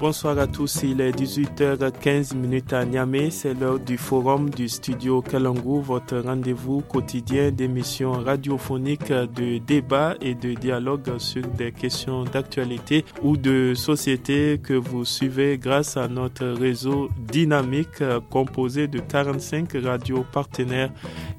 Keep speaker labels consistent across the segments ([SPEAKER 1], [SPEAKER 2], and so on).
[SPEAKER 1] Bonsoir à tous, il est 18h15 à Niamey, c'est l'heure du forum du studio Kalangou, votre rendez-vous quotidien d'émissions radiophoniques de débat et de dialogue sur des questions d'actualité ou de société que vous suivez grâce à notre réseau dynamique composé de 45 radios partenaires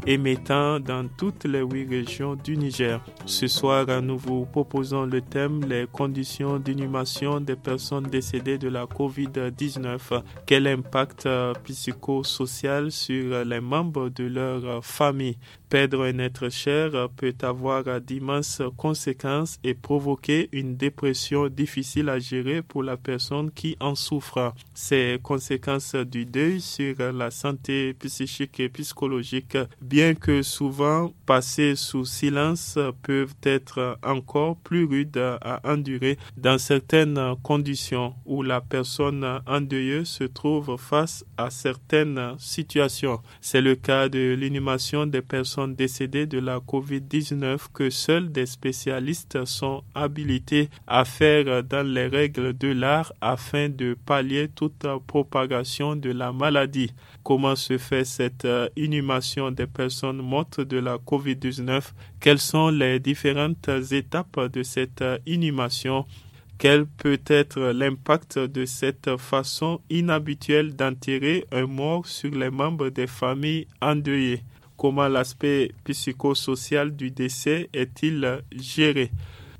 [SPEAKER 1] émettant dans toutes les huit régions du Niger. Ce soir, nous vous proposons le thème les conditions d'inhumation des personnes décédées de la COVID-19. Quel impact euh, psychosocial sur euh, les membres de leur euh, famille Perdre un être cher peut avoir d'immenses conséquences et provoquer une dépression difficile à gérer pour la personne qui en souffre. Ces conséquences du deuil sur la santé psychique et psychologique, bien que souvent passées sous silence, peuvent être encore plus rudes à endurer dans certaines conditions où la personne en deuil se trouve face à certaines situations. C'est le cas de l'inhumation des personnes décédés de la COVID-19 que seuls des spécialistes sont habilités à faire dans les règles de l'art afin de pallier toute propagation de la maladie. Comment se fait cette euh, inhumation des personnes mortes de la COVID-19 Quelles sont les différentes étapes de cette euh, inhumation quel peut être l'impact de cette façon inhabituelle d'enterrer un mort sur les membres des familles endeuillées Comment l'aspect psychosocial du décès est-il géré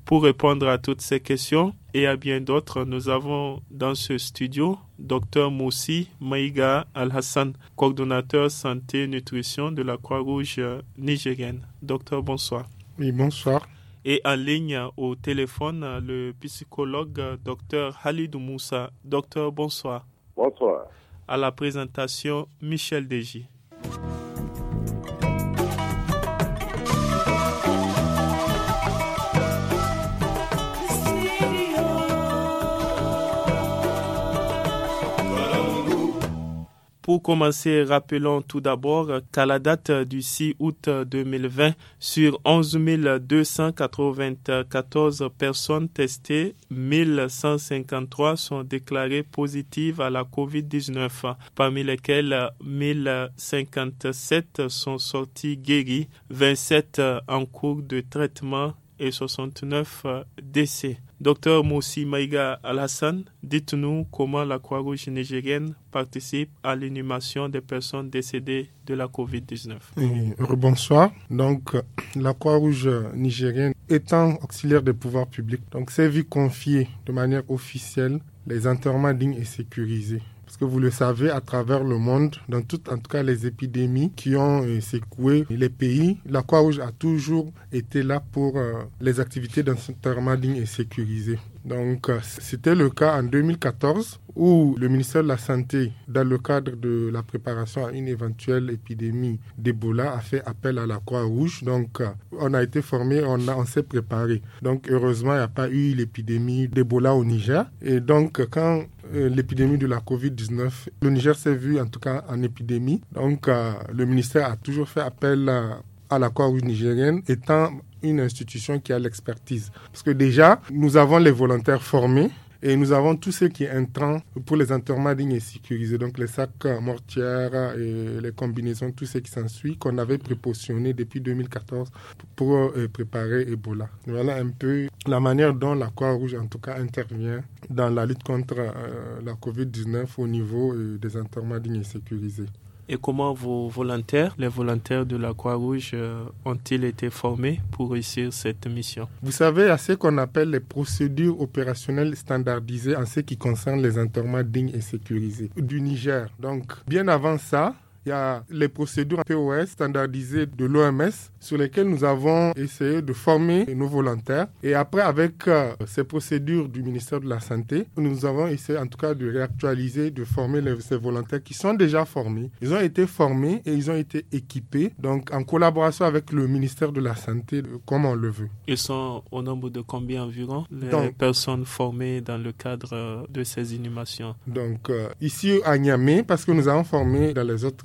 [SPEAKER 1] Pour répondre à toutes ces questions et à bien d'autres, nous avons dans ce studio Dr Moussi Maïga Al-Hassan, coordonnateur santé et nutrition de la Croix-Rouge nigérienne. Docteur, bonsoir. Oui, bonsoir. Et en ligne au téléphone, le psychologue Dr Halid Moussa. Docteur, bonsoir. Bonsoir. À la présentation, Michel Deji. Pour commencer, rappelons tout d'abord qu'à la date du 6 août 2020, sur 11 294 personnes testées, 1153 sont déclarées positives à la COVID-19, parmi lesquelles 1057 sont sorties guéries, 27 en cours de traitement et 69 euh, décès. Docteur Moussi Maïga Alassane, dites-nous comment la Croix-Rouge nigérienne participe à l'inhumation des personnes décédées de la COVID-19.
[SPEAKER 2] Bonsoir. Donc, la Croix-Rouge nigérienne étant auxiliaire des pouvoirs publics, donc s'est vu confier de manière officielle les enterrements dignes et sécurisés parce que vous le savez, à travers le monde, dans toutes en tout cas les épidémies qui ont euh, secoué les pays, la Croix-Rouge a toujours été là pour euh, les activités d'un ligne et sécurisé. Donc, euh, c'était le cas en 2014 où le ministère de la Santé, dans le cadre de la préparation à une éventuelle épidémie d'Ebola, a fait appel à la Croix-Rouge. Donc, euh, on a été formé, on, on s'est préparé. Donc, heureusement, il n'y a pas eu l'épidémie d'Ebola au Niger. Et donc, quand euh, l'épidémie de la COVID-19, le Niger s'est vu en tout cas en épidémie. Donc, le ministère a toujours fait appel à à la Croix-Rouge nigérienne, étant une institution qui a l'expertise. Parce que déjà, nous avons les volontaires formés et nous avons tout ce qui est intrant pour les enterrements dignes et sécurisés, donc les sacs mortières et les combinaisons, tout ce qui s'ensuit, qu'on avait prépositionné depuis 2014 pour euh, préparer Ebola. Voilà un peu la manière dont la Croix-Rouge, en tout cas, intervient dans la lutte contre euh, la COVID-19 au niveau euh, des enterrements dignes et sécurisés.
[SPEAKER 1] Et comment vos volontaires, les volontaires de la Croix-Rouge, euh, ont-ils été formés pour réussir cette mission
[SPEAKER 2] Vous savez, à ce qu'on appelle les procédures opérationnelles standardisées en ce qui concerne les enterrements dignes et sécurisés du
[SPEAKER 1] Niger. Donc, bien
[SPEAKER 2] avant ça, il y a les procédures POS standardisées de l'OMS sur lesquelles nous avons essayé de former nos volontaires. Et après, avec euh, ces procédures du ministère de la Santé, nous avons essayé en tout cas de réactualiser, de former les, ces volontaires qui sont déjà formés. Ils ont été formés et ils ont été équipés, donc en collaboration avec le ministère de la Santé, euh, comme on le veut.
[SPEAKER 1] Ils sont au nombre de combien environ les personnes formées dans le cadre euh, de ces inhumations Donc
[SPEAKER 2] ici à Niamey, parce que nous avons formé dans les autres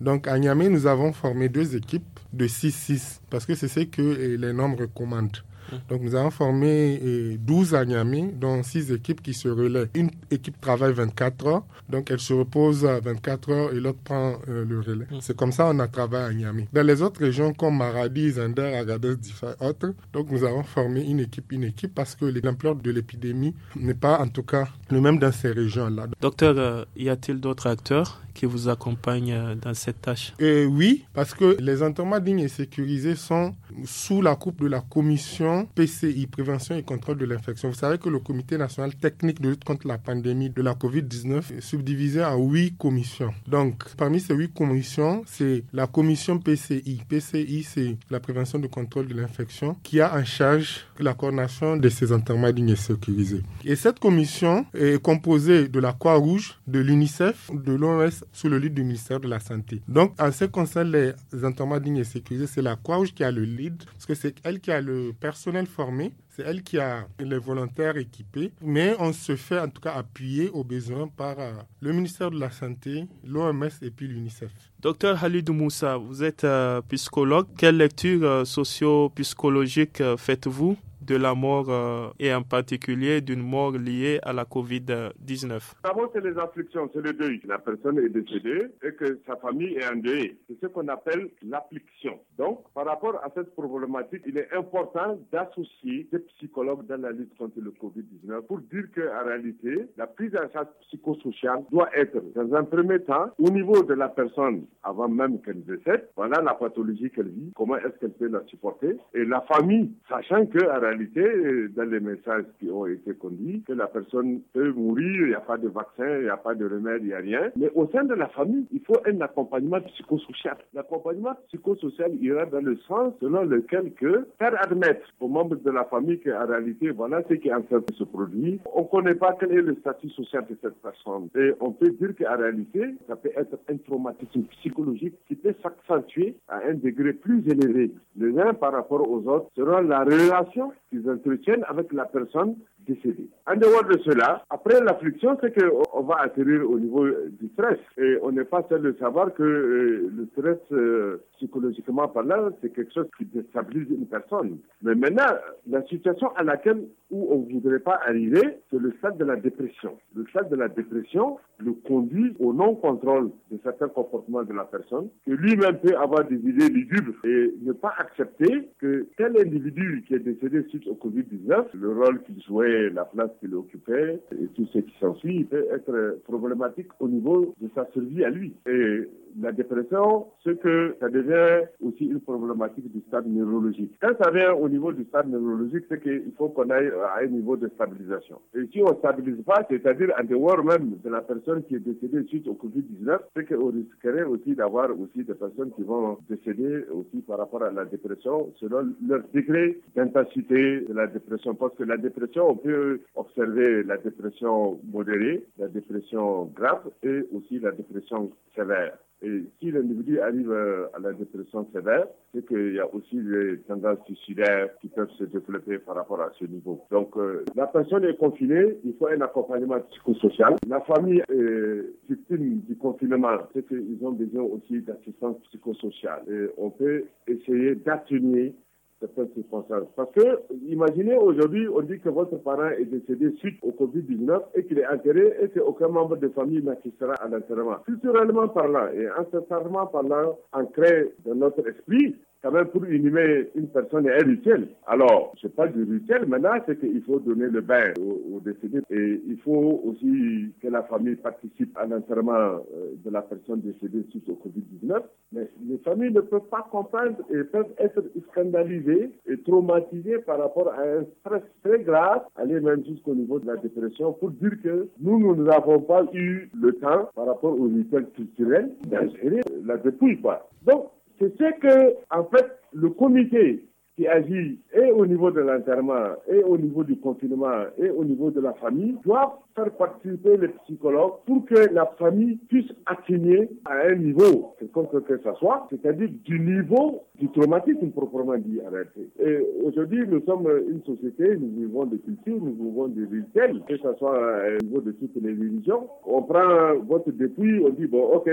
[SPEAKER 2] donc à Niamey, nous avons formé deux équipes de 6-6 parce que c'est ce que eh, les normes recommandent. Hum. Donc nous avons formé 12 eh, à Niamey, dont 6 équipes qui se relaient. Une équipe travaille 24 heures, donc elle se repose à 24 heures et l'autre prend euh, le relais. Hum. C'est comme ça qu'on a travaillé à Niamey. Dans les autres régions comme Maradi, Zander, Agadez, Difa, autres, donc nous avons formé une équipe, une équipe parce que l'ampleur de l'épidémie n'est pas en tout cas
[SPEAKER 1] le même dans ces régions-là. Docteur, euh, y a-t-il d'autres acteurs qui vous accompagne euh, dans cette tâche
[SPEAKER 2] et eh Oui, parce que les enterrements dignes et sécurisés sont sous la coupe de la commission PCI, Prévention et Contrôle de l'infection. Vous savez que le Comité national technique de lutte contre la pandémie de la COVID-19 est subdivisé en huit commissions. Donc, parmi ces huit commissions, c'est la commission PCI. PCI, c'est la prévention de contrôle de l'infection qui a en charge la coordination de ces enterrements dignes et sécurisés. Et cette commission est composée de la Croix-Rouge, de l'UNICEF, de l'OMS sous le lead du ministère de la Santé. Donc, en ce qui concerne les entourements dignes et sécurisés, c'est la Courage qui a le lead, parce que c'est elle qui a le personnel formé, c'est elle qui a les volontaires équipés, mais on se fait en tout cas appuyer aux besoins par euh, le ministère de la Santé, l'OMS et puis l'UNICEF.
[SPEAKER 1] Docteur Halid Moussa, vous êtes euh, psychologue. Quelle lecture euh, socio-psychologique faites-vous de la mort euh, et en particulier d'une mort liée à la COVID-19
[SPEAKER 3] D'abord, c'est les afflictions, c'est le deuil. La personne est décédée et que sa famille est endeuillée. C'est ce qu'on appelle l'affliction. Donc, par rapport à cette problématique, il est important d'associer des psychologues dans la lutte contre le COVID-19 pour dire qu'en réalité, la prise en charge psychosociale doit être, dans un premier temps, au niveau de la personne avant même qu'elle décède. Voilà la pathologie qu'elle vit, comment est-ce qu'elle peut la supporter. Et la famille, sachant qu'en réalité, euh, dans les messages qui ont été conduits, que la personne peut mourir, il n'y a pas de vaccin, il n'y a pas de remède, il n'y a rien. Mais au sein de la famille, il faut un accompagnement psychosocial. L'accompagnement psychosocial ira dans le sens selon lequel que faire admettre aux membres de la famille qu'en réalité, voilà ce qui est en train de se produire. On ne connaît pas quel est le statut social de cette personne. Et on peut dire qu'en réalité, ça peut être un traumatisme psychologique qui peut s'accentuer à un degré plus élevé les uns par rapport aux autres selon la relation qu'ils entretiennent avec la personne décédé. En dehors de cela, après l'affliction, c'est qu'on va atterrir au niveau euh, du stress. Et on n'est pas seul de savoir que euh, le stress, euh, psychologiquement parlant, c'est quelque chose qui déstabilise une personne. Mais maintenant, la situation à laquelle où on ne voudrait pas arriver, c'est le stade de la dépression. Le stade de la dépression le conduit au non-contrôle de certains comportements de la personne, que lui-même peut avoir des idées lugubres et ne pas accepter que tel individu qui est décédé suite au Covid-19, le rôle qu'il jouait la place qu'il occupait et tout ce qui s'ensuit peut être problématique au niveau de sa survie à lui. Et la dépression, ce que ça devient aussi une problématique du stade neurologique. Quand ça vient au niveau du stade neurologique, c'est qu'il faut qu'on aille à un niveau de stabilisation. Et si on ne stabilise pas, c'est-à-dire en dehors même de la personne qui est décédée suite au Covid-19, c'est qu'on risquerait aussi d'avoir aussi des personnes qui vont décéder aussi par rapport à la dépression selon leur degré d'intensité de la dépression. Parce que la dépression, on peut observer la dépression modérée, la dépression grave et aussi la dépression sévère. Et si l'individu arrive euh, à la dépression sévère, c'est qu'il y a aussi des tendances suicidaires qui peuvent se développer par rapport à ce niveau. Donc, euh, la personne est confinée, il faut un accompagnement psychosocial. La famille est victime du confinement, c'est qu'ils ont besoin aussi d'assistance psychosociale. Et on peut essayer d'atténuer certaines circonstances. Parce que, imaginez aujourd'hui, on dit que votre parent est décédé suite au Covid-19 et qu'il est enterré et qu'aucun membre de famille n'assistera à l'enterrement. Culturellement parlant et ancestralement parlant, ancré dans notre esprit, quand même pour inhumer une personne est un rituel. Alors, c'est pas du rituel maintenant, c'est qu'il faut donner le bain aux, décédés et il faut aussi que la famille participe à l'enterrement euh, de la personne décédée suite au Covid-19. Mais les familles ne peuvent pas comprendre et peuvent être scandalisées et traumatisées par rapport à un stress très grave, aller même jusqu'au niveau de la dépression, pour dire que nous, nous n'avons pas eu le temps par rapport au rituel culturel d'ingérer la dépouille, quoi. Donc, c'est ce que, en fait, le comité qui agit et au niveau de l'enterrement, et au niveau du confinement, et au niveau de la famille, doit faire participer les psychologues pour que la famille puisse atteindre à un niveau, quelconque que ça soit, c'est-à-dire du niveau du traumatisme proprement dit arrêté. Et aujourd'hui, nous sommes une société, nous vivons des cultures, nous vivons des rituels, que ce soit au niveau de toutes les religions. On prend votre dépouille, on dit, bon, ok,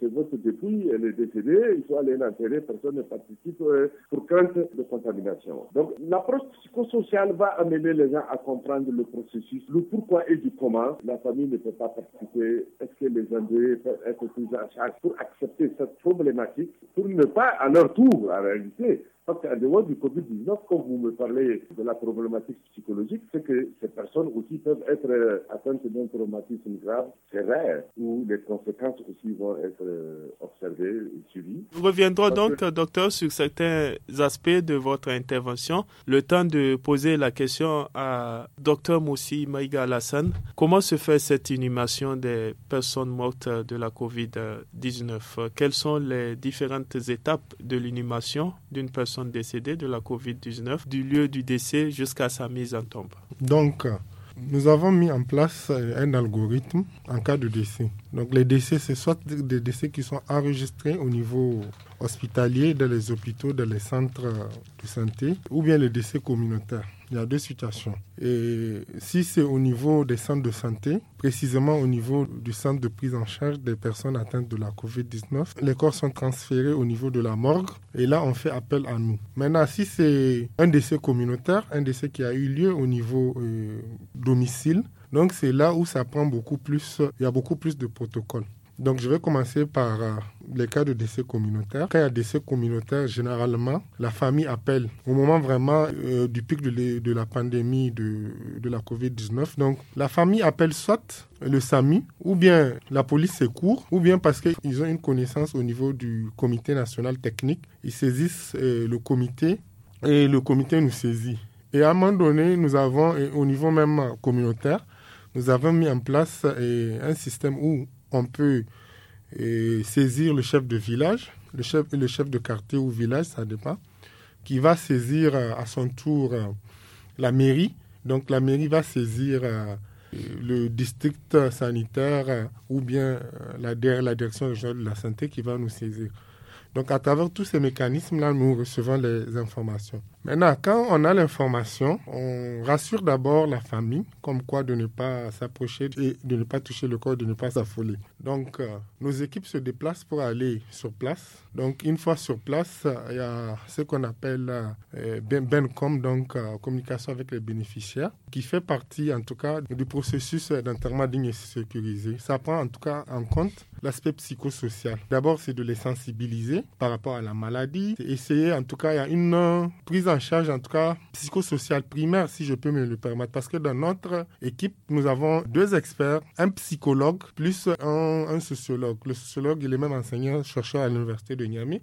[SPEAKER 3] c'est votre dépouille, elle est décédée, il faut aller l'enterrer, personne ne participe euh, pour crainte de contamination. Donc, l'approche psychosociale va amener les gens à comprendre le processus, le pourquoi et du comment la famille ne peut pas participer, est-ce que les Indiens peuvent être plus en charge pour accepter cette problématique, pour ne pas à leur tour, en réalité, parce dehors du Covid-19, quand vous me parlez de la problématique psychologique, c'est que ces personnes aussi peuvent être atteintes d'un traumatisme grave, sévère, où les conséquences aussi vont être euh, observées et suivies. Nous reviendrons donc,
[SPEAKER 1] docteur, sur certains aspects de votre intervention. Le temps de poser la question à docteur Moussi Maïga Alassane. Comment se fait cette inhumation des personnes mortes de la COVID-19 Quelles sont les différentes étapes de l'inhumation d'une personne sont de la COVID-19 du lieu du décès jusqu'à sa mise en tombe.
[SPEAKER 2] Donc, nous avons mis en place euh, un algorithme en cas de décès. Donc les décès, c'est soit des décès qui sont enregistrés au niveau hospitalier, dans les hôpitaux, dans les centres de santé, ou bien les décès communautaires. Il y a deux situations. Et si c'est au niveau des centres de santé, précisément au niveau du centre de prise en charge des personnes atteintes de la COVID-19, les corps sont transférés au niveau de la morgue et là, on fait appel à nous. Maintenant, si c'est un décès communautaire, un décès qui a eu lieu au niveau euh, domicile, donc c'est là où ça prend beaucoup plus, il y a beaucoup plus de protocoles. Donc je vais commencer par euh, les cas de décès communautaire. Cas un décès communautaire, généralement, la famille appelle au moment vraiment euh, du pic de, de, la pandémie de, la COVID-19. Donc la famille appelle soit le SAMI, ou bien la police secours ou bien parce qu'ils ont une connaissance au niveau du comité national technique. Ils saisissent euh, le comité et le comité nous saisit. Et à un moment donné, nous avons, au niveau même communautaire, nous avons mis en place un système où on peut euh, saisir le chef de village, le chef, le chef de quartier ou village, ça dépend, qui va saisir euh, à son tour euh, la mairie. Donc la mairie va saisir le district sanitaire ou bien la, la direction régionale de la santé qui va nous saisir. Donc à travers tous ces mécanismes-là, nous recevons les informations. Maintenant, quand on a l'information, on rassure d'abord la famille, comme quoi de ne pas s'approcher et de ne pas toucher le corps, de ne pas s'affoler. Donc, euh, nos équipes se déplacent pour aller sur place. Donc, une fois sur place, il y a ce qu'on appelle euh, BENCOM, ben donc euh, communication avec les bénéficiaires, qui fait partie en tout cas du processus d'enterrement digne et sécurisé. Ça prend en tout cas en compte l'aspect psychosocial. D'abord, c'est de les sensibiliser par rapport à la maladie, essayer en tout cas, il y a une prise en en charge, en tout cas, psychosociale primaire, si je peux me le permettre, parce que dans notre équipe, nous avons deux experts, un psychologue plus un, un sociologue. Le sociologue, il est même enseignant, chercheur à l'université de Niamey.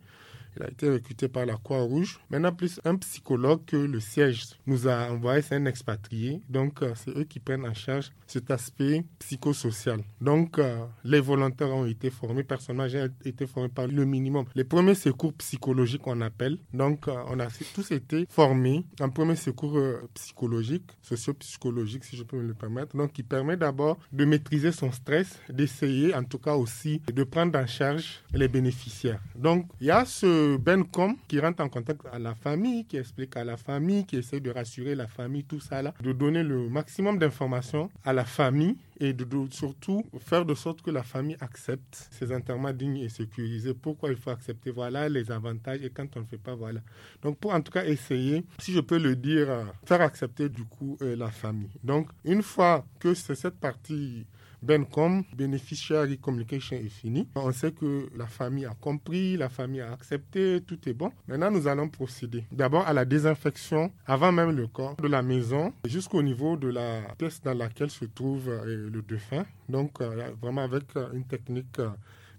[SPEAKER 2] Il a été recruté par la Croix-Rouge. Maintenant, plus un psychologue que le siège nous a envoyé, c'est un expatrié. Donc, euh, c'est eux qui prennent en charge cet aspect psychosocial. Donc, euh, les volontaires ont été formés, personnages ont été formés par le minimum. Les premiers secours psychologiques, on appelle. Donc, euh, on a tous été formés en premier secours psychologique, socio-psychologique, si je peux me le permettre. Donc, qui permet d'abord de maîtriser son stress, d'essayer, en tout cas aussi, de prendre en charge les bénéficiaires. Donc, il y a ce Bencom qui rentre en contact à la famille, qui explique à la famille, qui essaie de rassurer la famille, tout ça là, de donner le maximum d'informations à la famille et de, surtout faire de sorte que la famille accepte ces enterrements dignes et sécurisés. Pourquoi il faut accepter Voilà les avantages et quand on ne fait pas, voilà. Donc pour en tout cas essayer, si je peux le dire, euh, faire accepter du coup euh, la famille. Donc une fois que c'est cette partie Bencom, Beneficiary Communication est fini. On sait que la famille a compris, la famille a accepté, tout est bon. Maintenant, nous allons procéder d'abord à la désinfection avant même le corps de la maison jusqu'au niveau de la pièce dans laquelle se trouve euh, le défunt. Donc, euh, vraiment avec euh, une technique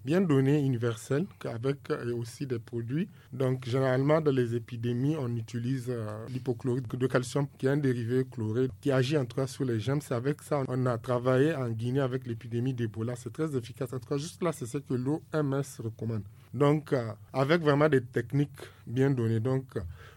[SPEAKER 2] bien donné, universel, avec euh, aussi des produits. Donc, généralement, dans les épidémies, on utilise euh, l'hypochlorite de calcium, qui est un dérivé chloré, qui agit en autres sur les gemmes. C'est avec ça on a travaillé en Guinée avec l'épidémie d'Ebola. C'est très efficace. En tout juste là, c'est ce que l'OMS recommande. Donc, euh, avec vraiment des techniques bien données. Donc,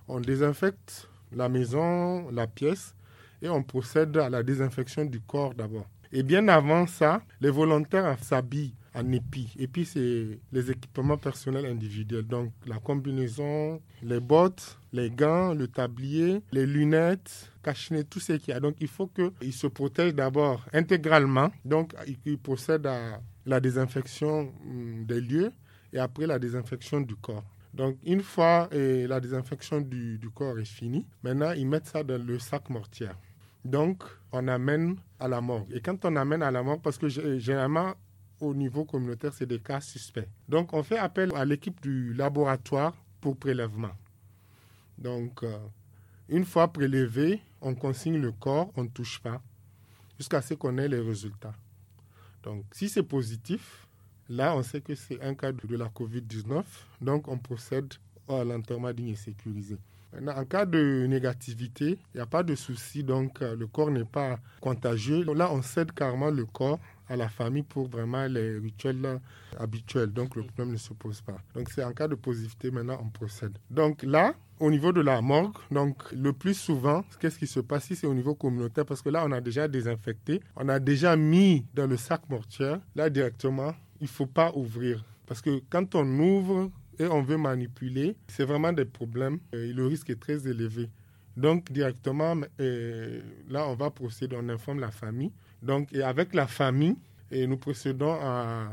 [SPEAKER 2] on désinfecte la maison, la pièce, et on procède à la désinfection du corps d'abord. Et bien avant ça, les volontaires s'habillent en Et puis c'est les équipements personnels individuels. Donc, la combinaison, les bottes, les gants, le tablier, les lunettes, cache tout ce qu'il y a. Donc, il faut qu'ils se protègent d'abord intégralement. Donc, ils procèdent à la désinfection hum, des lieux et après la désinfection du corps. Donc, une fois euh, la désinfection du, corps est finie, maintenant, ils mettent ça dans le sac mortier. Donc, on amène à la morgue. Et quand on amène à la morgue, parce que généralement, au niveau communautaire, c'est des cas suspects. Donc, on fait appel à l'équipe du laboratoire pour prélèvement. Donc, euh, une fois prélevé, on consigne le corps, on ne touche pas, jusqu'à ce qu'on ait les résultats. Donc, si c'est positif, là, on sait que c'est un cas de la COVID-19, donc on procède à l'enterrement digne et sécurisé. en cas de négativité, il n'y a pas de souci, donc euh, le corps n'est pas contagieux. Là, on cède carrément le corps à la famille pour vraiment les rituels habituels. Donc le problème ne se pose pas. Donc c'est en cas de positivité maintenant on procède. Donc là, au niveau de la morgue, donc le plus souvent, qu'est-ce qui se passe ici c'est au niveau communautaire Parce que là, on a déjà désinfecté, on a déjà mis dans le sac mortier Là, directement, il ne faut pas ouvrir. Parce que quand on ouvre et on veut manipuler, c'est vraiment des problèmes. Euh, et le risque est très élevé. Donc, directement, euh, là, on va procéder, on informe la famille. Donc, avec la famille, et nous procédons à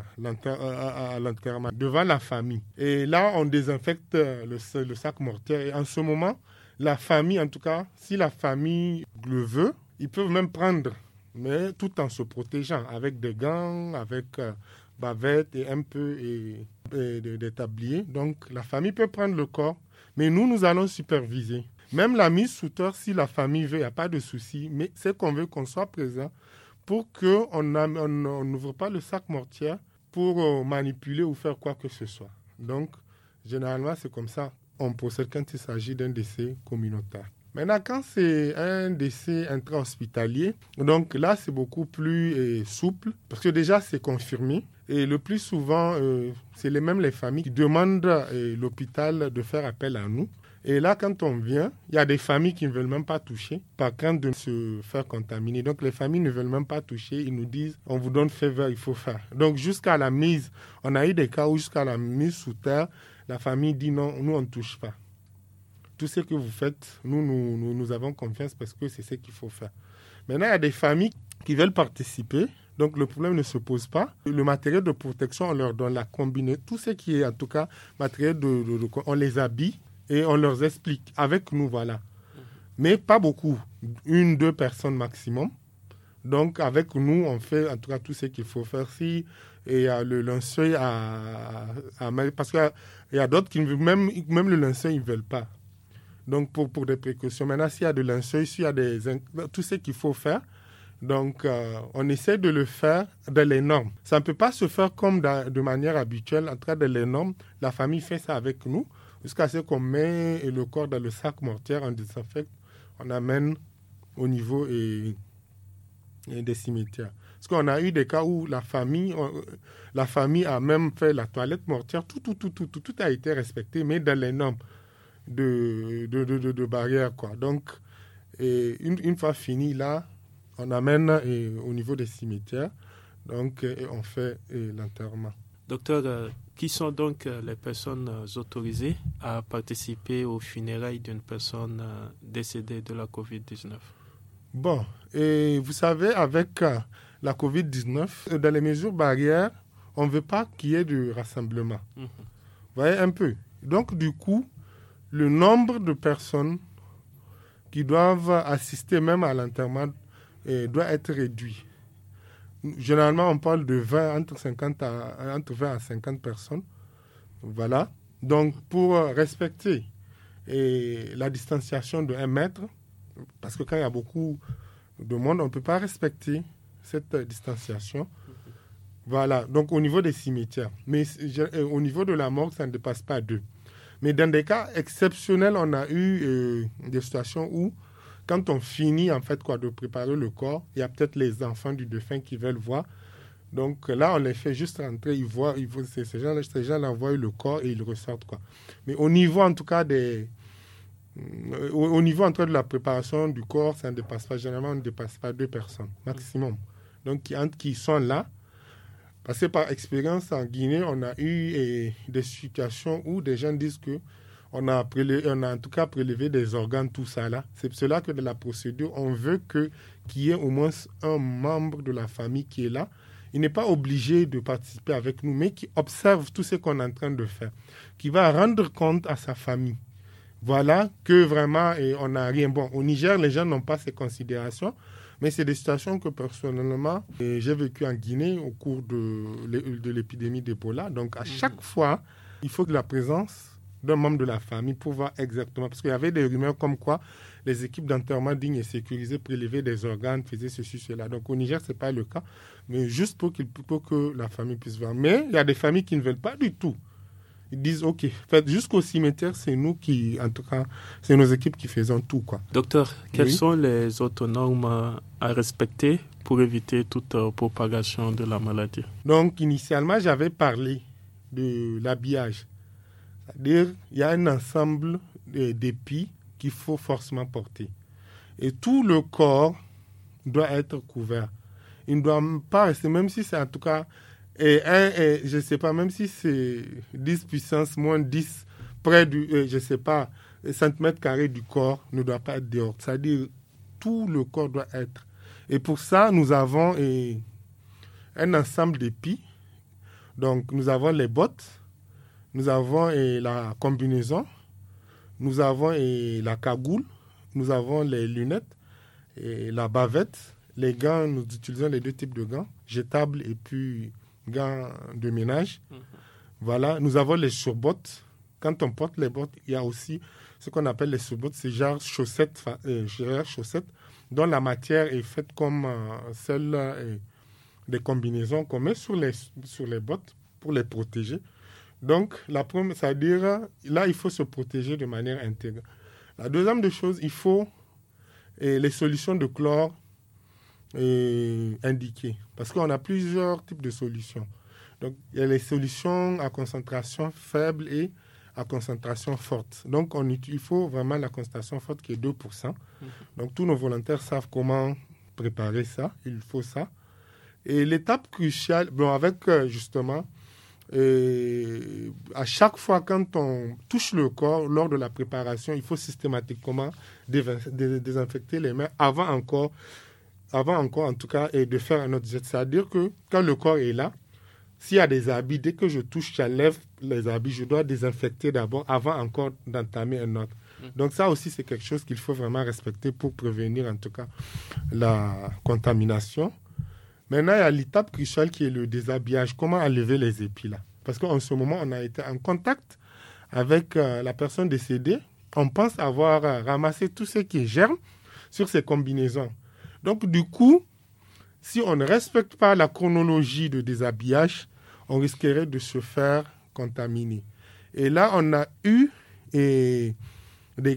[SPEAKER 2] l'enterrement devant la famille. Et là, on désinfecte euh, le, sac mortel. Et en ce moment, la famille, en tout cas, si la famille le veut, ils peuvent même prendre, mais tout en se protégeant avec des gants, avec euh, bavettes et un peu et, des tabliers. Donc, la famille peut prendre le corps, mais nous, nous allons superviser. Même la mise sous terre, si la famille veut, il n'y a pas de souci. Mais c'est qu'on veut qu'on soit présent pour qu'on n'ouvre pas le sac mortier pour euh, manipuler ou faire quoi que ce soit. Donc, généralement, c'est comme ça on procède quand il s'agit d'un décès communautaire. Maintenant, quand c'est un décès intra-hospitalier, donc là, c'est beaucoup plus euh, souple, parce que déjà, c'est confirmé. Et le plus souvent, euh, c'est les mêmes les familles qui demandent à l'hôpital de faire appel à nous et là, quand on vient, il y a des familles qui ne veulent même pas toucher, par crainte de se faire contaminer. Donc les familles ne veulent même pas toucher. Ils nous disent, on vous donne faveur, il faut faire. Donc jusqu'à la mise, on a eu des cas où jusqu'à la mise sous terre, la famille dit non, nous on ne touche pas. Tout ce que vous faites, nous, nous, nous, avons confiance parce que c'est ce qu'il faut faire. Maintenant, il y a des familles qui veulent participer, donc le problème ne se pose pas. Le matériel de protection, on leur donne la combinée, tout ce qui est en tout cas matériel de, de on les habille et on leur explique avec nous, voilà. Mais pas beaucoup, une, deux personnes maximum. Donc avec nous, on fait en tout cas tout ce qu'il faut faire. Si et euh, le linceul à, à, parce qu'il y a, d'autres qui même même le linceul ils veulent pas. Donc pour pour des précautions. Maintenant s'il y a de linceul, s'il y a des tout ce qu'il faut faire. Donc euh, on essaie de le faire dans les normes. Ça ne peut pas se faire comme de, de manière habituelle en train de les normes. La famille fait ça avec nous jusqu'à ce qu'on met le corps dans le sac mortier on désaffecte, on amène au niveau des cimetières. Parce qu'on a eu des cas où la famille, euh, a même fait la toilette mortière, tout, tout, a été respecté, mais dans les normes de, de, barrières. Quoi. Donc, une, fois fini là, on amène au niveau des cimetières, donc on fait l'enterrement.
[SPEAKER 1] Docteur euh, qui sont donc euh, les personnes euh, autorisées à participer aux funérailles d'une personne euh, décédée de la COVID-19
[SPEAKER 2] Bon, et vous savez, avec la COVID-19, dans les mesures barrières, on ne veut pas qu'il y ait de rassemblement. Mhm. Vous voyez un peu. Donc, du coup, le nombre de personnes qui doivent assister même à l'enterrement doit être réduit. Généralement, on parle de 20, entre, 50 à, entre 20 à 50 personnes. Voilà. Donc, pour euh, respecter et la distanciation de 1 mètre, parce que quand il y a beaucoup de monde, on ne peut pas respecter cette distanciation. Voilà, donc au niveau des cimetières. Mais euh, au niveau de la morgue, ça ne dépasse pas deux. Mais dans des cas exceptionnels, on a eu euh, des situations où quand on finit en fait quoi de préparer le corps, il y a peut-être les enfants du défunt qui veulent voir. Donc là, on les fait juste rentrer, ils voient, ces, gens-là, voient le corps et ils ressortent quoi. Mais au niveau en tout cas des, euh, au, niveau en de la préparation du corps, ça ne dépasse pas généralement, on ne dépasse pas deux personnes maximum. Donc qui, qui sont là, parce que par expérience en Guinée, on a eu des situations où des gens disent que on a, on en tout cas prélevé des organes, tout ça là. C'est cela que de la procédure, on veut que qu'il y ait au moins un membre de la famille qui est là. Il n'est pas obligé de participer avec nous, mais qui observe tout ce qu'on est en train de faire, qui va rendre compte à sa famille. Voilà que vraiment, on n'a rien. Bon, au Niger, les gens n'ont pas ces considérations. Mais c'est des situations que personnellement, j'ai vécu en Guinée au cours de l'épidémie d'Ebola. Donc à chaque fois, il faut que la présence d'un membre de la famille pour voir exactement. Parce qu'il y avait des rumeurs comme quoi les équipes d'enterrement dignes et sécurisées prélevaient des organes, faisaient ceci, cela. Donc au Niger, ce n'est pas le cas, mais juste pour, que la famille puisse voir. Mais il y a des familles qui ne veulent pas du tout. Ils disent, OK, jusqu'au cimetière, c'est nous qui, en tout cas, c'est nos équipes qui faisons
[SPEAKER 1] tout. Quoi. Docteur, quelles sont les autres normes à respecter pour éviter toute euh, propagation de la maladie
[SPEAKER 2] Donc, initialement, j'avais parlé de l'habillage c'est-à-dire, il y a un ensemble d'épis qu'il faut forcément porter. Et tout le corps doit être couvert. Il ne doit pas rester, même si c'est en tout cas, et, je ne sais pas, même si c'est 10 puissance moins 10, près du, euh, je ne sais pas, centimètre carrés du corps ne doit pas être dehors. C'est-à-dire, tout le corps doit être. Et pour ça, nous avons un ensemble d'épis. Donc, nous avons les bottes, nous avons eh, la combinaison, nous avons eh, la cagoule, nous avons les lunettes, et eh, la bavette, les gants, nous utilisons les deux types de gants, jetables et puis gants de ménage. Mhm. Voilà, nous avons les surbottes. Quand on porte les bottes, il y a aussi ce qu'on appelle les surbottes, c'est genre chaussettes, euh, chaussettes, dont la matière est faite comme euh, celle euh, des combinaisons qu'on met sur les, sur les bottes pour les protéger. Donc, la première, c'est-à-dire, là, il faut se protéger de manière intègre. La deuxième des choses, il faut les solutions de chlore indiquées. Parce qu'on a plusieurs types de solutions. Donc, il y a les solutions à concentration faible et à concentration forte. Donc, on, il faut vraiment la concentration forte qui est 2%. Mhm. Donc, tous nos volontaires savent comment préparer ça. Il faut ça. Et l'étape cruciale, avec euh, justement et à chaque fois, quand on touche le corps lors de la préparation, il faut systématiquement désinfecter les mains avant encore, avant encore en tout cas, et de faire un autre jet. C'est-à-dire que quand le corps est là, s'il y a des habits, dès que je touche, j'enlève les habits, je dois désinfecter d'abord avant encore d'entamer un autre. Mm. Donc ça aussi, c'est quelque chose qu'il faut vraiment respecter pour prévenir en tout cas la contamination. Maintenant, il y a l'étape cruciale qui est le déshabillage. Comment enlever les épis là Parce qu'en ce moment, on a été en contact avec euh, la personne décédée. On pense avoir euh, ramassé tout ce qui est germe sur ces combinaisons. Donc, du coup, si on ne respecte pas la chronologie de déshabillage, on risquerait de se faire contaminer. Et là, on a eu des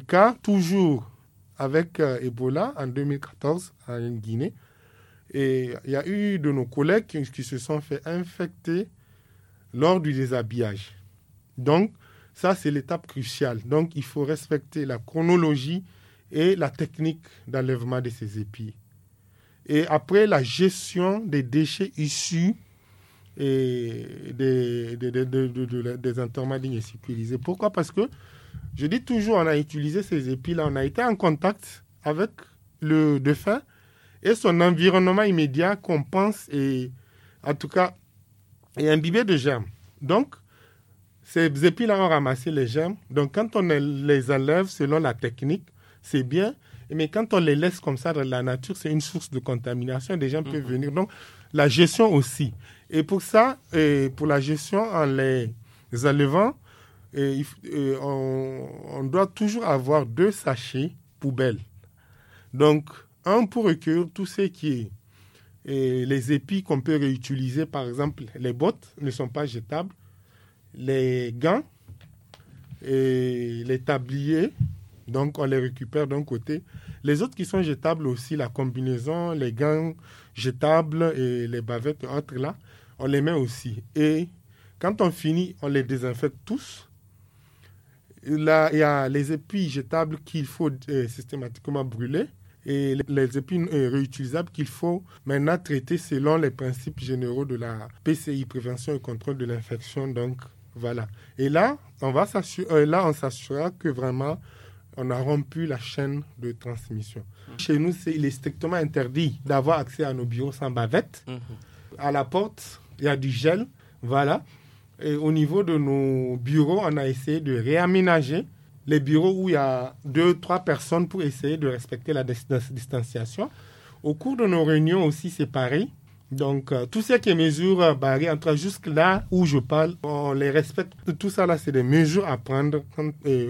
[SPEAKER 2] cas toujours avec euh, Ebola en 2014 en Guinée. Et il y a eu de nos collègues qui, se sont fait infecter lors du déshabillage. Donc, ça, c'est l'étape cruciale. Donc, il faut respecter la chronologie et la technique d'enlèvement de ces épis. Et après, la gestion des déchets issus des, des, enterrements dignes et sécurisés. Pourquoi Parce que, je dis toujours, on a utilisé ces épis-là, on a été en contact avec le défunt et son environnement immédiat compense et, en tout cas, est imbibé de germes. Donc, ces épis-là ont ramassé les germes. Donc, quand on les enlève selon la technique, c'est bien. Mais quand on les laisse comme ça dans la nature, c'est une source de contamination. Des gens peuvent mhm. venir. Donc, la gestion aussi. Et pour ça, pour la gestion en les enlevant, on, on, doit toujours avoir deux sachets poubelles. Donc, un, pour recueillir tout ce qui est les épis qu'on peut réutiliser, par exemple, les bottes ne sont pas jetables, les gants et les tabliers, donc on les récupère d'un côté. Les autres qui sont jetables aussi, la combinaison, les gants jetables et les bavettes entre là, on les met aussi. Et quand on finit, on les désinfecte tous. Là, il y a les épis jetables qu'il faut euh, systématiquement brûler et les épines euh, réutilisables qu'il faut maintenant traiter selon les principes généraux de la PCI, prévention et contrôle de l'infection. Donc voilà. Et là, on va s'assurer, euh, là, on s'assurera que vraiment on a rompu la chaîne de transmission. Mm-hmm. Chez nous, il est strictement interdit d'avoir accès à nos bureaux sans bavette. Mm-hmm. À la porte, il y a du gel, voilà. Et au niveau de nos bureaux, on a essayé de réaménager les bureaux où il y a deux, trois personnes pour essayer de respecter la distanciation. Au cours de nos réunions aussi, c'est pareil. Donc, euh, tout ce qui est mesures euh, barrières, entre jusque là où je parle, on les respecte. Tout ça, là, c'est des mesures à prendre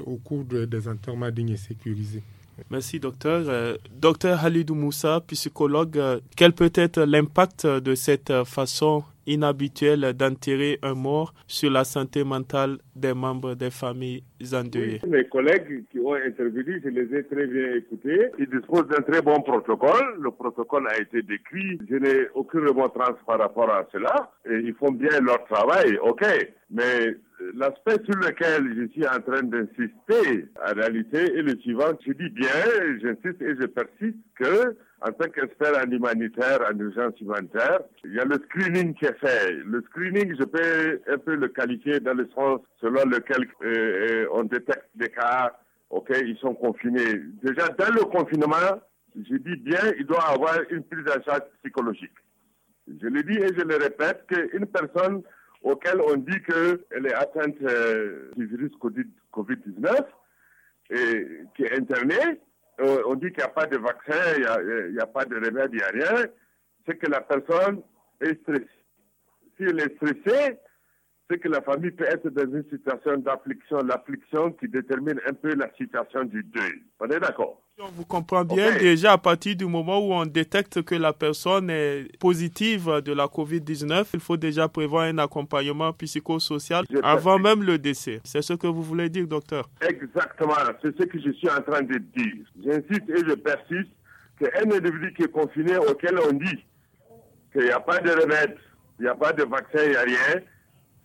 [SPEAKER 2] au cours des enterrements dignes et sécurisés.
[SPEAKER 1] Merci, docteur. Euh, docteur Halidou Moussa, psychologue, quel peut être l'impact de cette façon inhabituel d'enterrer un mort sur la santé mentale des membres des familles endeuillées.
[SPEAKER 3] mes collègues qui ont intervenu, je les ai très bien écoutés. Ils disposent d'un très bon protocole. Le protocole a été décrit. Je n'ai aucune remontrance par rapport à cela. Et ils font bien leur travail, ok. Mais L'aspect sur lequel je suis en train d'insister, en réalité, est le suivant. Je dis bien, j'insiste et je persiste que, en tant qu'expert en humanitaire, en urgence humanitaire, il y a le screening qui est fait. Le screening, je peux un peu le qualifier dans le sens selon lequel euh, euh, on détecte des cas, ok, ils sont confinés. Déjà, dans le confinement, je dis bien, il doit avoir une prise en charge psychologique. Je le dis et je le répète qu'une personne auquel on dit qu'elle est atteinte euh, du virus COVID-19 et qui est internée. Euh, on dit qu'il n'y a pas de vaccin, il n'y a, pas de remède, il n'y a rien. C'est que la personne est stressée. Si elle est stressée, c'est que la famille peut être dans une situation d'affliction, l'affliction qui détermine un peu la situation du deuil. On est d'accord
[SPEAKER 1] on vous comprend bien déjà à partir du moment où on détecte que la personne est positive de la COVID-19, il faut déjà prévoir un accompagnement psychosocial avant même le décès. C'est ce que vous voulez dire, docteur
[SPEAKER 3] Exactement, c'est ce que je suis en train de dire. J'insiste et je persiste qu'un individu qui est confiné auquel on dit qu'il n'y a pas de remède, il n'y a pas de vaccin, il n'y a rien,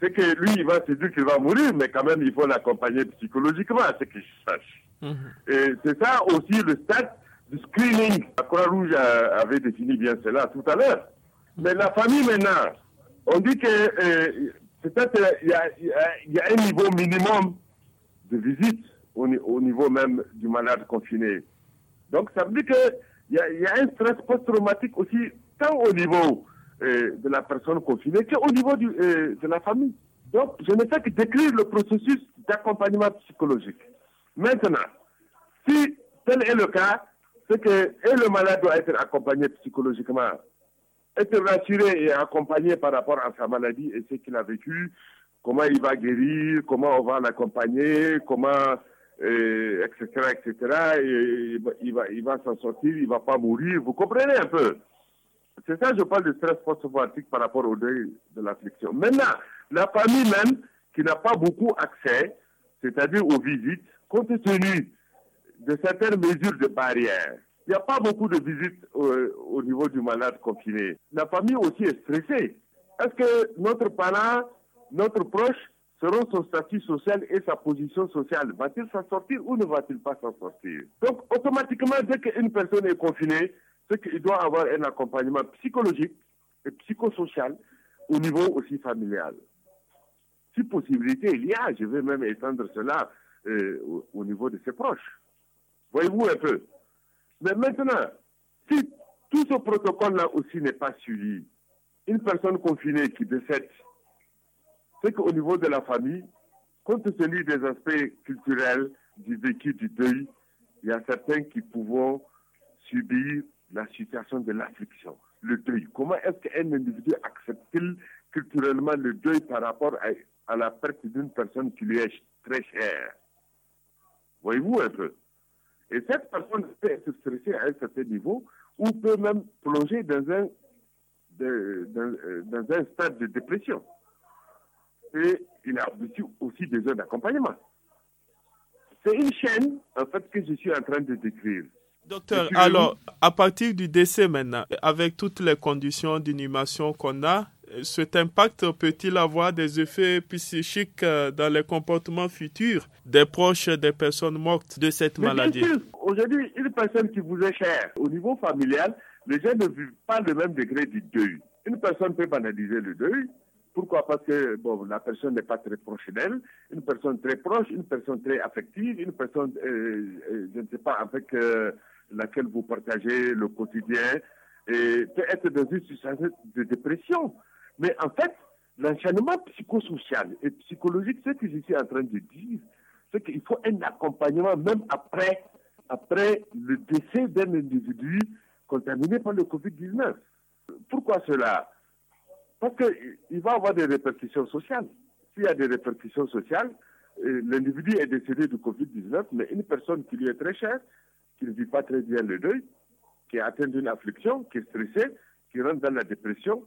[SPEAKER 3] c'est que lui, il va se dire qu'il va mourir, mais quand même, il faut l'accompagner psychologiquement, c'est que je sache. Mhm. Et c'est ça aussi le stade du screening. La Croix-Rouge avait défini bien cela tout à l'heure. Mais la famille, maintenant, on dit que euh, peut-être euh, il y, a un niveau minimum de visite au, niveau même du malade confiné. Donc, ça veut dire qu'il y, a un stress post-traumatique aussi, tant au niveau euh, de la personne confinée qu'au niveau euh, de la famille. Donc, je ne fais que décrire le processus d'accompagnement psychologique. Maintenant, si tel est le cas, c'est que et le malade doit être accompagné psychologiquement, être rassuré et accompagné par rapport à sa maladie et ce qu'il a vécu, comment il va guérir, comment on va l'accompagner, comment, etc., euh, etc. Et, il va, il va s'en sortir, il va pas mourir. Vous comprenez un peu c'est ça, je parle de stress post-traumatique par rapport au deuil de l'affliction. Maintenant, la famille même, qui n'a pas beaucoup accès, c'est-à-dire aux visites, compte tenu de certaines mesures de barrière, il n'y a pas beaucoup de visites au, niveau du malade confiné. La famille aussi est stressée. Est-ce que notre parent, notre proche, selon son statut social et sa position sociale, va-t-il s'en sortir ou ne va-t-il pas s'en sortir Donc, automatiquement, dès qu'une personne est confinée, c'est qu'il doit avoir un accompagnement psychologique et psychosocial au niveau aussi familial. Si possibilité il y a, je vais même étendre cela euh, au, niveau de ses proches. Voyez-vous un peu. Mais maintenant, si tout ce protocole-là aussi n'est pas suivi, une personne confinée qui décède, c'est qu'au niveau de la famille, compte tenu des aspects culturels, du vécu, du deuil, il y a certains qui pouvons subir la situation de l'affliction, le deuil. Comment est-ce qu'un individu accepte-t-il culturellement le deuil par rapport à, la perte d'une personne qui lui est très chère Voyez-vous un peu Et cette personne peut être stressée à un certain niveau ou peut même plonger dans un, euh, dans, un stade de dépression. Et il a aussi des d'accompagnement. C'est une chaîne, en fait, que je suis en train de décrire. Docteur, alors,
[SPEAKER 1] à partir du décès maintenant, avec toutes les conditions d'inhumation qu'on a, euh, cet impact peut-il avoir des effets psychiques euh, dans les comportements futurs des proches des personnes mortes de cette maladie
[SPEAKER 3] Aujourd'hui, une personne qui vous est chère, au niveau familial, les gens ne vivent pas le même degré du deuil. Une personne peut banaliser le deuil. Pourquoi Parce que bon, la personne n'est pas très proche d'elle, une personne très proche, une personne très affective, une personne, euh, je ne sais pas, avec laquelle vous partagez le quotidien et peut être dans une situation de dépression. Mais en fait, l'enchaînement psychosocial et psychologique, ce que je suis en train de dire, c'est qu'il faut un accompagnement même après, après le décès d'un individu contaminé par le Covid-19. Pourquoi cela Parce qu'il va avoir des répercussions sociales. S'il y a des répercussions sociales, euh, l'individu est décédé du Covid-19, mais une personne qui lui est très chère qui ne vit pas très bien le deuil, qui est atteint d'une affliction, qui est stressé, qui rentre dans la dépression,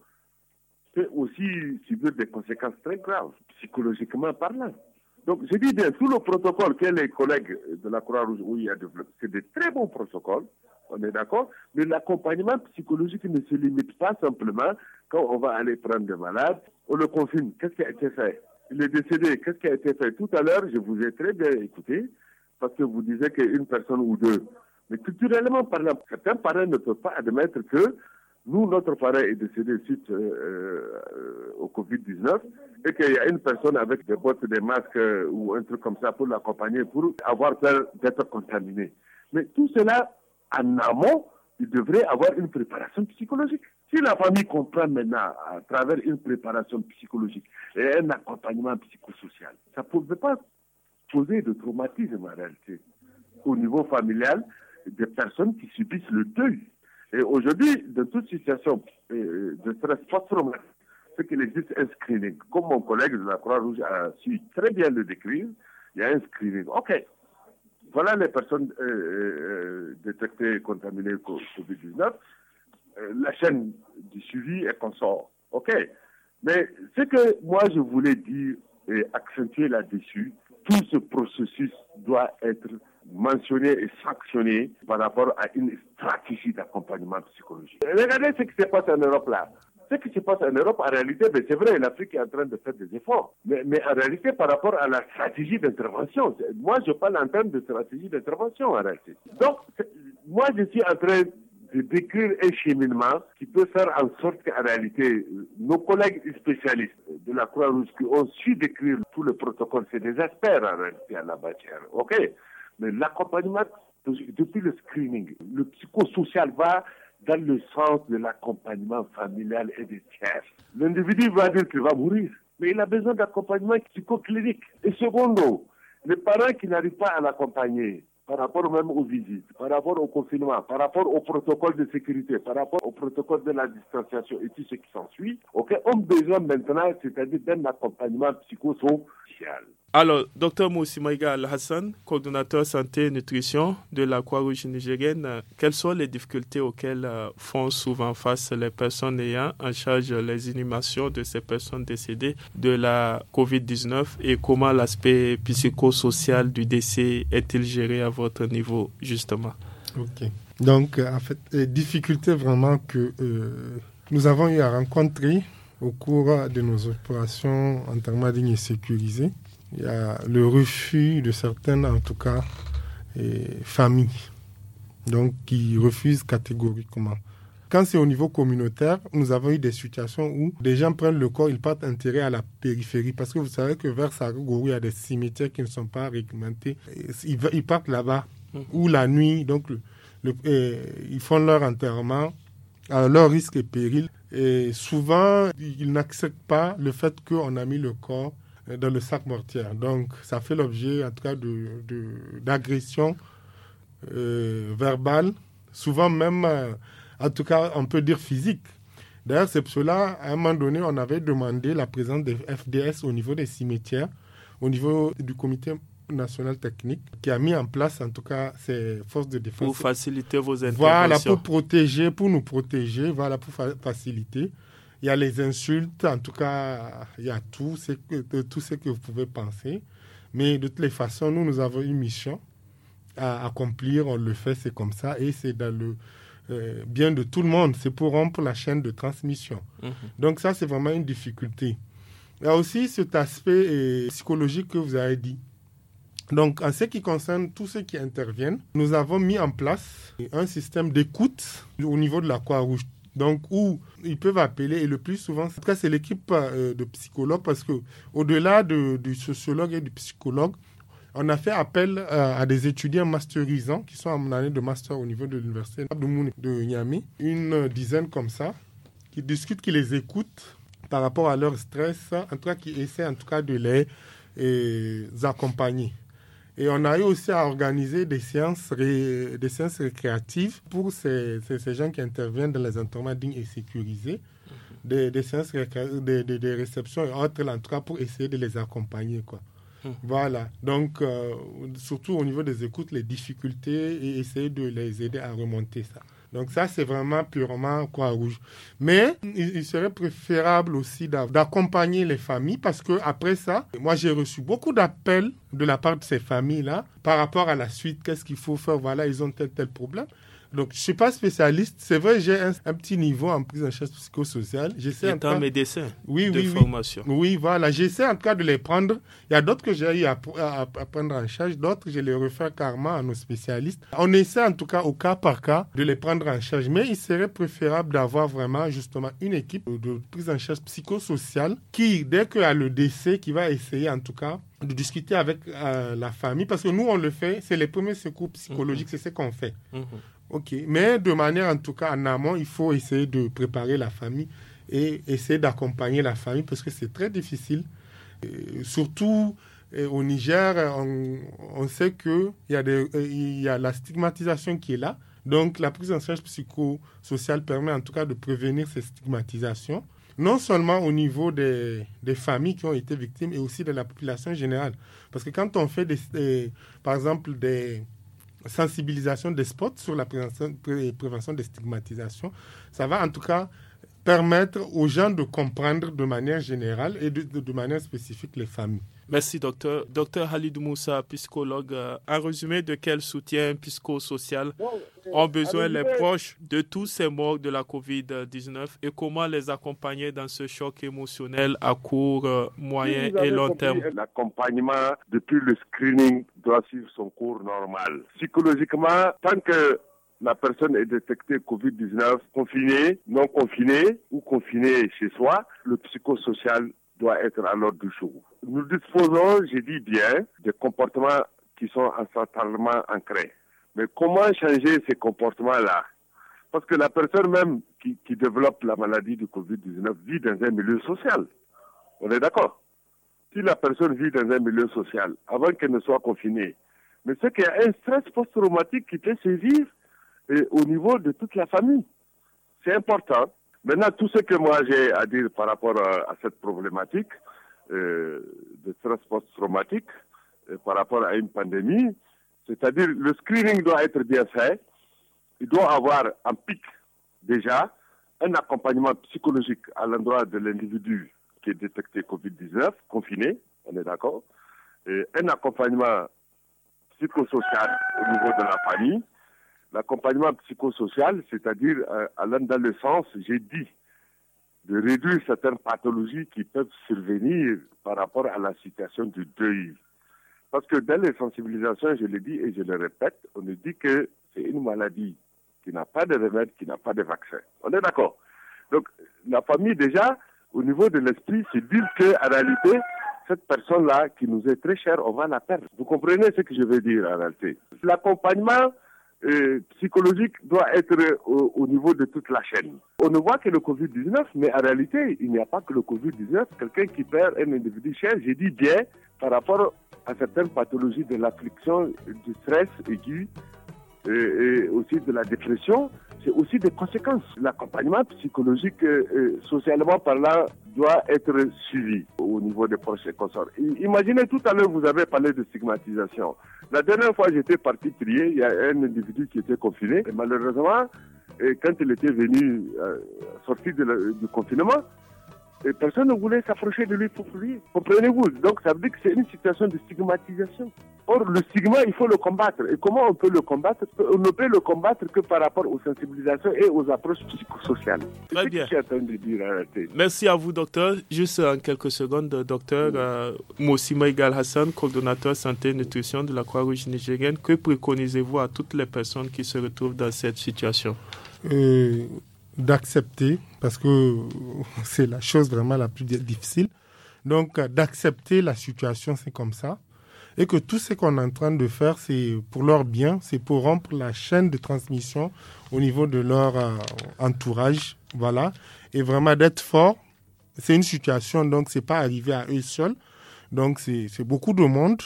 [SPEAKER 3] peut aussi subir des conséquences très graves, psychologiquement parlant. Donc, je dis bien, sous le protocole que les collègues de la Croix-Rouge ont développé, c'est des très bons protocoles, on est d'accord, mais l'accompagnement psychologique ne se limite pas simplement quand on va aller prendre des malades, on le confine, qu'est-ce qui a été fait Il est décédé, qu'est-ce qui a été fait Tout à l'heure, je vous ai très bien écouté, parce que vous disiez qu'une personne ou deux mais culturellement parlant, certains parents ne peuvent pas admettre que nous, notre parent est décédé suite euh, euh, au Covid-19 et qu'il y a une personne avec des bottes, des masques euh, ou un truc comme ça pour l'accompagner, pour avoir peur d'être contaminé. Mais tout cela, en amont, il devrait avoir une préparation psychologique. Si la famille comprend maintenant à travers une préparation psychologique et un accompagnement psychosocial, ça ne pouvait pas poser de traumatisme en réalité au niveau familial des personnes qui subissent le deuil. Et aujourd'hui, dans toute situation euh, de stress post-traumatique, c'est qu'il existe un screening. Comme mon collègue de la Croix-Rouge a su très bien le décrire, il y a un screening. OK, voilà les personnes euh, euh et détectées contaminées COVID-19. Euh, la chaîne du suivi est consort. OK. Mais ce que moi je voulais dire et accentuer là-dessus, tout ce processus doit être mentionné et sanctionné par rapport à une stratégie d'accompagnement psychologique. Regardez ce qui se passe en Europe là. Ce qui se passe en Europe, en réalité, ben c'est vrai, l'Afrique est en train de faire des efforts. Mais, mais en réalité, par rapport à la stratégie d'intervention, moi, je parle en termes de stratégie d'intervention, en réalité. Donc, moi, je suis en train de décrire un cheminement qui peut faire en sorte qu'en réalité, nos collègues spécialistes de la Croix-Rouge qui ont su décrire tout le protocole, c'est des experts en réalité à la matière. OK mais l'accompagnement, depuis le screening, le psychosocial va dans le sens de l'accompagnement familial et des tiers. L'individu va dire qu'il va mourir, mais il a besoin d'accompagnement psychoclinique. Et secondo, les parents qui n'arrivent pas à l'accompagner, par rapport même aux visites, par rapport au confinement, par rapport au protocole de sécurité, par rapport au protocole de la distanciation et tout ce qui s'ensuit, ont besoin maintenant, c'est-à-dire d'un accompagnement psychosocial.
[SPEAKER 1] Alors, docteur Moussimaïga Al-Hassan, coordonnateur santé et nutrition de la Croix-Rouge nigérienne, quelles sont les difficultés auxquelles euh, font souvent face les personnes ayant en charge les inhumations de ces personnes décédées de la COVID-19 et comment l'aspect psychosocial du décès est-il géré à votre niveau, justement
[SPEAKER 2] Ok. Donc, euh, en fait, les difficultés vraiment que euh, nous avons eu à rencontrer au cours de nos opérations en termes de sécurisée, il y a le refus de certaines, en tout cas, familles, donc qui refusent catégoriquement. Quand c'est au niveau communautaire, nous avons eu des situations où des gens prennent le corps, ils partent enterrer à la périphérie. Parce que vous savez que vers Saragou, il y a des cimetières qui ne sont pas réglementés. Ils partent là-bas, mmh. ou la nuit, donc ils font leur enterrement à leur risque et péril. Et souvent, ils n'acceptent pas le fait qu'on a mis le corps dans le sac mortier. Donc, ça fait l'objet, en tout cas, d'agressions de, euh, verbales, souvent même, euh, en tout cas, on peut dire physiques. D'ailleurs, c'est pour cela, à un moment donné, on avait demandé la présence des FDS au niveau des cimetières, au niveau du comité national technique, qui a mis en place, en tout cas, ces forces de défense. Pour faciliter vos interventions. Voilà, pour protéger, pour nous protéger, voilà, pour faciliter il y a les insultes, en tout cas, il y a tout ce que, que vous pouvez penser. Mais de toutes les façons, nous, nous avons une mission à accomplir, on le fait, c'est comme ça, et c'est dans le euh, bien de tout le monde, c'est pour rompre la chaîne de transmission. Mhm. Donc ça, c'est vraiment une difficulté. Il y a aussi cet aspect euh, psychologique que vous avez dit. Donc, en ce qui concerne tous ceux qui interviennent, nous avons mis en place un système d'écoute au niveau de la Croix-Rouge. Donc, où ils peuvent appeler, et le plus souvent, cas, c'est l'équipe euh, de psychologues, parce que au-delà de, du sociologue et du psychologue, on a fait appel euh, à, des étudiants masterisants qui sont en année de master au niveau de l'université de Niamey, une euh, dizaine comme ça, qui discutent, qui les écoutent par rapport à leur stress, en tout cas, qui essaient en tout cas de les accompagner. Et on a eu aussi à organiser des séances, des séances récréatives pour ces, gens qui interviennent dans les entourements dignes et sécurisés, mhm. des, des séances de, réception et autres, en pour essayer de les accompagner. Quoi. Mhm. Voilà, donc euh, surtout au niveau des écoutes, les difficultés et essayer de les aider à remonter ça. Donc ça, c'est vraiment purement quoi rouge. Mais il serait préférable aussi d'accompagner les familles parce que après ça, moi j'ai reçu beaucoup d'appels de la part de ces familles-là par rapport à la suite, qu'est-ce qu'il faut faire, voilà, ils ont tel tel problème. Donc, je ne suis pas spécialiste. C'est vrai, j'ai un, petit niveau en prise en charge psychosociale. J'essaie en mes médecin oui, de oui, formation. Oui, oui voilà. J'essaie en tout cas de les prendre. Il y a d'autres que j'ai eu à, prendre en charge. D'autres, je les refais carrément à nos spécialistes. On essaie en tout cas, au cas par cas, de les prendre en charge. Mais il serait préférable d'avoir vraiment, justement, une équipe de prise en charge psychosociale qui, dès qu'il y a le décès, qui va essayer en tout cas de discuter avec euh, la famille. Parce que nous, on le fait. C'est les premiers secours psychologiques. Mhm. C'est ce qu'on fait. Mhm. Ok, mais de manière en tout cas en amont, il faut essayer de préparer la famille et essayer d'accompagner la famille parce que c'est très difficile. surtout au Niger, on, sait qu'il y, a euh, il y a la stigmatisation qui est là. Donc la prise en charge psychosociale permet en tout cas de prévenir ces stigmatisations, non seulement au niveau des, familles qui ont été victimes, mais aussi de la population générale. Parce que quand on fait, des, par exemple, des, sensibilisation des spots sur la prévention, prévention des stigmatisations. Ça va en tout cas permettre aux gens de comprendre de manière générale et de manière spécifique les familles.
[SPEAKER 1] Merci, docteur. Docteur Halid Moussa, psychologue, euh, un résumé de quel soutien psychosocial ont besoin les proches de tous ces morts de la COVID-19 et comment les accompagner
[SPEAKER 3] dans ce choc émotionnel à
[SPEAKER 1] court, euh, moyen et long terme
[SPEAKER 3] L'accompagnement depuis le screening doit suivre son cours normal. Psychologiquement, tant que la personne est détectée COVID-19, confinée, non confinée ou confinée chez soi, le psychosocial doit être à l'ordre du jour. Nous disposons, je dis bien, de comportements qui sont instantanément ancrés. Mais comment changer ces comportements-là Parce que la personne même qui, qui développe la maladie du Covid-19 vit dans un milieu social. On est d'accord Si la personne vit dans un milieu social, avant qu'elle ne soit confinée, mais c'est qu'il y a un stress post-traumatique qui peut se vivre au niveau de toute la famille. C'est important Maintenant, tout ce que moi j'ai à dire par rapport à, cette problématique euh, de transport traumatique euh, par rapport à une pandémie, c'est-à-dire le screening doit être bien fait. Il doit avoir un pic déjà un accompagnement psychologique à l'endroit de l'individu qui est détecté Covid-19, confiné, on est d'accord, et un accompagnement psychosocial au niveau de la famille, l'accompagnement psychosocial, c'est-à-dire euh, à dans le sens, j'ai dit, de réduire certaines pathologies qui peuvent survenir par rapport à la situation du deuil. Parce que dans les sensibilisations, je l'ai dis et je le répète, on nous dit que c'est une maladie qui n'a pas de remède, qui n'a pas de vaccin. On est d'accord Donc, la famille, déjà, au niveau de l'esprit, c'est dire qu'en réalité, cette personne-là qui nous est très chère, on va la perdre. Vous comprenez ce que je veux dire en réalité L'accompagnement euh, psychologique doit être euh, au niveau de toute la chaîne. On ne voit que le Covid-19, mais en réalité, il n'y a pas que le Covid-19. Quelqu'un qui perd un individu cher, j'ai dit bien, par rapport à certaines pathologies de l'affliction, du stress aigu, et, aussi de la dépression, c'est aussi des conséquences. L'accompagnement psychologique, socialement parlant, doit être suivi au niveau des proches et consorts. Imaginez tout à l'heure, vous avez parlé de stigmatisation. La dernière fois, j'étais parti trier, il y a un individu qui était confiné. malheureusement, quand il était venu euh, sortir du confinement, personne ne voulait s'approcher de lui pour lui. Comprenez-vous Donc ça veut dire que c'est une situation de stigmatisation. Or, le stigma, il faut le combattre. Et comment on peut le combattre On ne peut le combattre que par rapport aux sensibilisations et aux approches psychosociales. Euh,
[SPEAKER 1] Merci à vous, docteur. Juste euh, en quelques secondes, euh, docteur Moussima Hassan, coordonnateur santé et nutrition de la Croix-Rouge nigérienne, que préconisez-vous à toutes les personnes qui se retrouvent dans cette situation
[SPEAKER 2] D'accepter, parce que c'est la chose vraiment la plus difficile. Donc, d'accepter la situation, c'est comme ça et que tout ce qu'on est en train de faire, c'est pour leur bien, c'est pour rompre la chaîne de transmission au niveau de leur euh, entourage, voilà, et vraiment d'être fort. C'est une situation, donc c'est pas arrivé à eux seuls, donc c'est beaucoup de monde,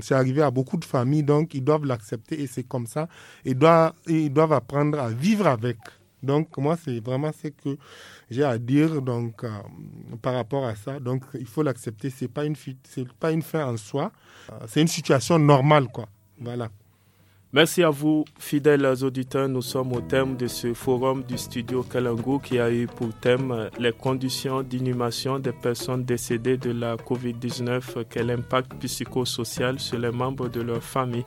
[SPEAKER 2] c'est arrivé à beaucoup de familles, donc ils doivent l'accepter et c'est comme ça, Et ils doivent apprendre à vivre avec. Donc moi, c'est vraiment ce que j'ai à dire donc, euh, par rapport à ça. Donc, il faut l'accepter. c'est pas, une, pas une fin en soi. Euh, c'est une situation normale. Quoi. Voilà.
[SPEAKER 1] Merci à vous, fidèles auditeurs. Nous sommes au thème de ce forum du studio Kalangu qui a eu pour thème euh, les conditions d'inhumation des personnes décédées de la COVID-19, quel impact psychosocial sur les membres de leur famille.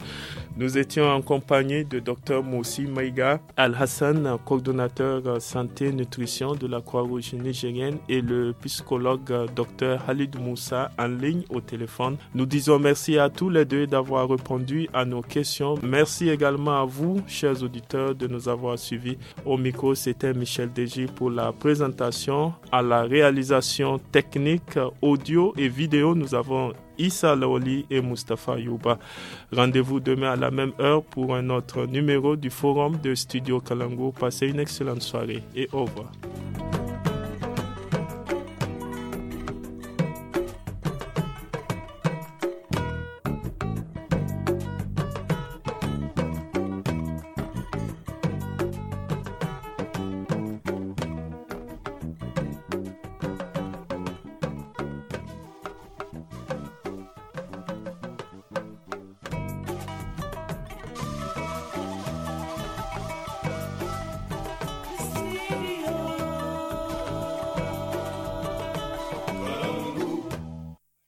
[SPEAKER 1] Nous étions accompagnés de Dr Moussi Maïga Al-Hassan, coordonnateur euh, santé-nutrition de la Croix-Rouge nigérienne, et le psychologue euh, Dr Halid Moussa en ligne au téléphone. Nous disons merci à tous les deux d'avoir répondu à nos questions. Merci également à vous, chers auditeurs, de nous avoir suivis. Au micro, c'était Michel Deji pour la présentation à la réalisation technique audio et vidéo. Nous avons Issa Laoli et Mustafa Yuba. Rendez-vous demain à la même heure pour un autre numéro du forum de Studio Kalango. Passez une excellente soirée et au revoir.